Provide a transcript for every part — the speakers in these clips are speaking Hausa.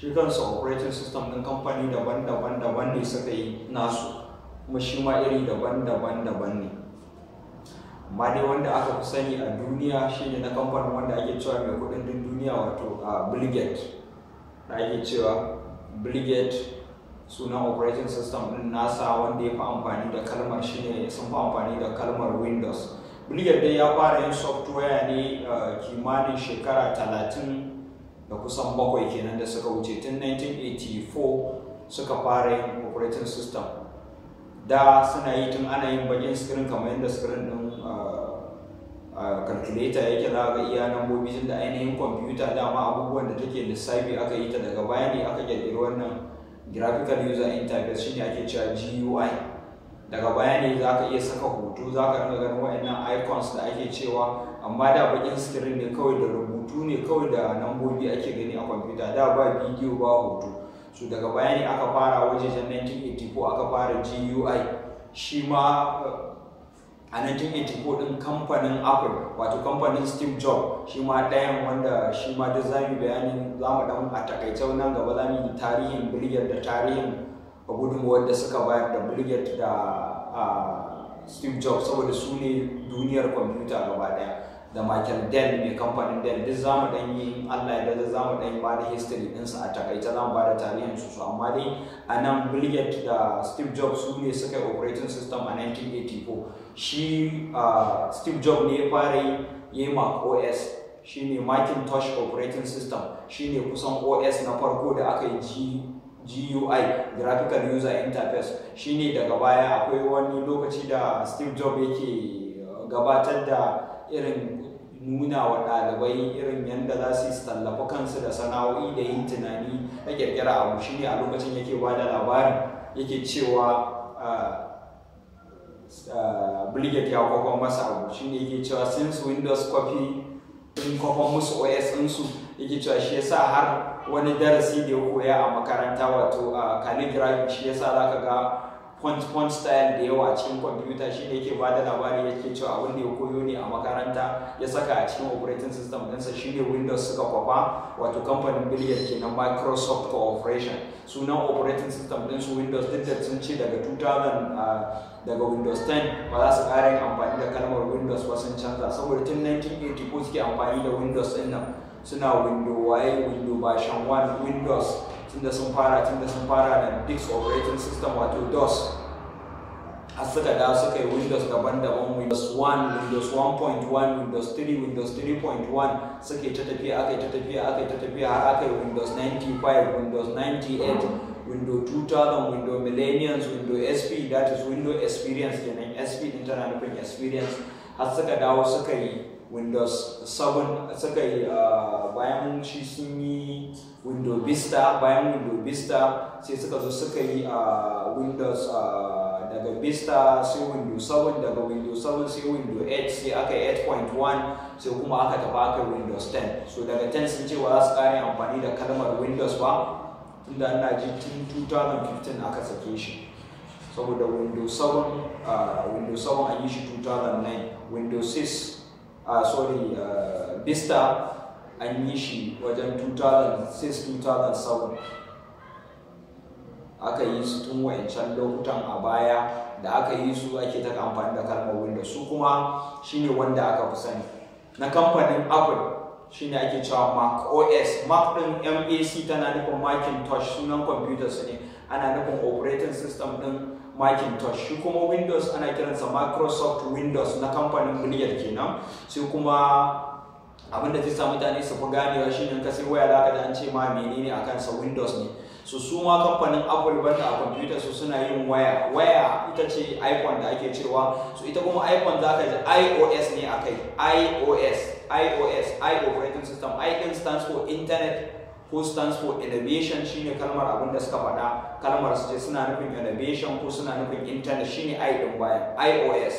shi kansa operating system ɗin kamfani daban-daban daban ne suka yi nasu kuma shi ma iri daban-daban daban ne amma dai wanda aka fi sani a duniya shine na kamfanin wanda ake cewa mai kudin din duniya wato a bilget da ake cewa bilget sunan operating system din nasa wanda ya fi amfani da kalmar ne sun fi amfani da kalmar windows bilget dai ya fara yin software ne kimanin shekara talatin da kusan bakwai kenan da suka wuce tun 1984 suka fara yin operating system da suna yi tun ana yin bakin screen kamar yadda screen din ah, ah, calculator yake za ga iya lambobi tun da ainihin computer dama abubuwan da take lissafi aka yi ta daga baya ne aka kirkiri wannan graphical user interface shine ake cewa GUI daga baya za ka iya saka hoto za ka ringa ganin wa'annan icons da ake cewa amma da bakin screen ne kawai da rubutu ne kawai da nambobi ake gani a kwamfuta da ba bidiyo ba hoto su daga bayani aka fara wajejen 1984 aka fara gui shi ma a 1984 din kamfanin apple wato kamfanin steve jobs shi ma ɗayan wanda shi ma da zami bayanin bayani za mu dan a takaice nan gaba za mu yi tarihin biryar da tarihin gudunmuwar da suka bayar da Bill da Steve Jobs saboda su ne duniyar kwamfuta gaba daya da Michael Dell mai kamfanin Dell duk za mu dan yi Allah ya za mu dan yi ba da history ɗinsa a takaice za mu ba da tarihin su su. amma dai a nan Bill da Steve Jobs su ne suka yi operating system a 1984 shi Steve Jobs ne ya fara yi Mac OS shi shine Macintosh operating system Shi ne kusan OS na farko da aka yi GUI graphical user interface shine daga baya akwai wani lokaci da Steve Jobs yake uh, gabatar da irin nuna wa ɗalibai irin yadda za su tallafa kansu da sana'o'i da yin tunani na ƙirƙira abu shine a lokacin yake ba da labarin yake cewa uh, uh, bulgate ya kwakwan masa abu shine yake cewa since Windows copy in kwakwan musu OS ɗinsu yake cewa shi yasa har wani darasi da ya koya a makaranta wato a calligraphy shi yasa zaka ga font point style da yawa a cikin kwamfuta shi ne yake ba da labari yake cewa abin da ya koyo ne a makaranta ya saka a cikin operating system ɗinsa shi ne windows suka kwafa wato kamfanin biliyar kenan microsoft corporation sunan operating system ɗinsu windows duk da sun ce daga 2000 daga Windows 10 ba za su ƙara yin amfani da kalmar Windows ba sun canza saboda tun 1984 suke amfani da Windows ɗin nan suna window waye window version 1 windows tunda sun fara tunda sun fara da dix operating system wato dos har suka da suka yi windows daban-daban windows 1 windows 1.1 windows 3 windows 3.1 suke ta tafiya aka yi ta tafiya aka yi ta tafiya har aka yi windows 95 windows 98 windows 2000 windows millennium, windows sp that is windows experience kenan sp din tana nufin experience har suka dawo suka yi windows 7 suka yi ah, bayan shi sun yi windows vista bayan windows vista sai suka zo suka yi ah, windows ah, daga vista sai windows 7 daga windows 7 sai windows 8 sai aka yi 8.1 sai kuma aka tafi aka windows 10 so daga 10 sun ce ba za su kare amfani da kalmar windows ba tunda ana ji tun 2015 aka sake shi saboda windows 7 windows 7 an yi shi 2009 windows 6 uh, sorry uh, ah, vista an yi shi wajen 2006-2007 aka yi su tun wayancan lokutan a baya da aka yi su ake ta amfani da kalmar windows su kuma shine wanda aka fi sani na kamfanin apple shine ake cewa mac os mac din mac tana nufin macintosh sunan kwamfutar su ne ana nufin operating system din Macintosh shi kuma Windows ana kiransa Microsoft Windows na kamfanin Blizzard kenan sai kuma abin da zai mutane su fi ganewa shi ne kasi waya zaka ji an ce ma menene a kansa Windows ne su su ma kamfanin Apple banda a computer su suna yin waya waya ita ce iPhone da ake cewa su ita kuma iPhone zaka ji iOS ne akai iOS iOS i operating system i stands for internet ko stands for elevation shine kalmar abin da suka faɗa kalmar su ce suna nufin elevation ko suna nufin internet shine i din bayan ios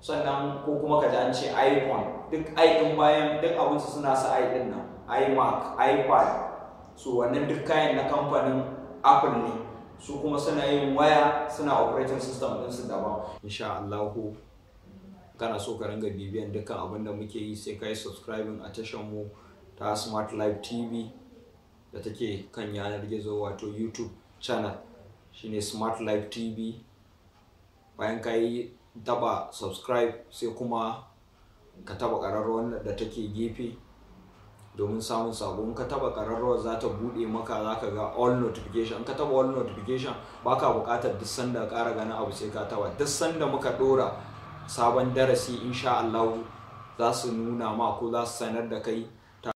sannan ko kuma ka ji an ce iphone duk i din bayan duk abin su suna sa i din nan imac ipad so wannan duk kayan na kamfanin apple ne su kuma suna yin waya suna operating system din su daban insha Allah kana so ka ringa bibiyan dukkan abin da muke yi sai kai subscribing a tashar mu ta Smart Life TV da take kan yanar gizo wato youtube channel shine smart life tv bayan ka yi daba subscribe sai kuma ka taba ƙararrawar da take gefe domin samun sabon ka taba ƙararrawar za ta buɗe maka za ka ga all notification ka taba all notification ba ka bukatar duk sanda kara gani abu sai ka taba duk sanda muka ɗora sabon darasi insha Allah za su nuna ma ko za su sanar da kai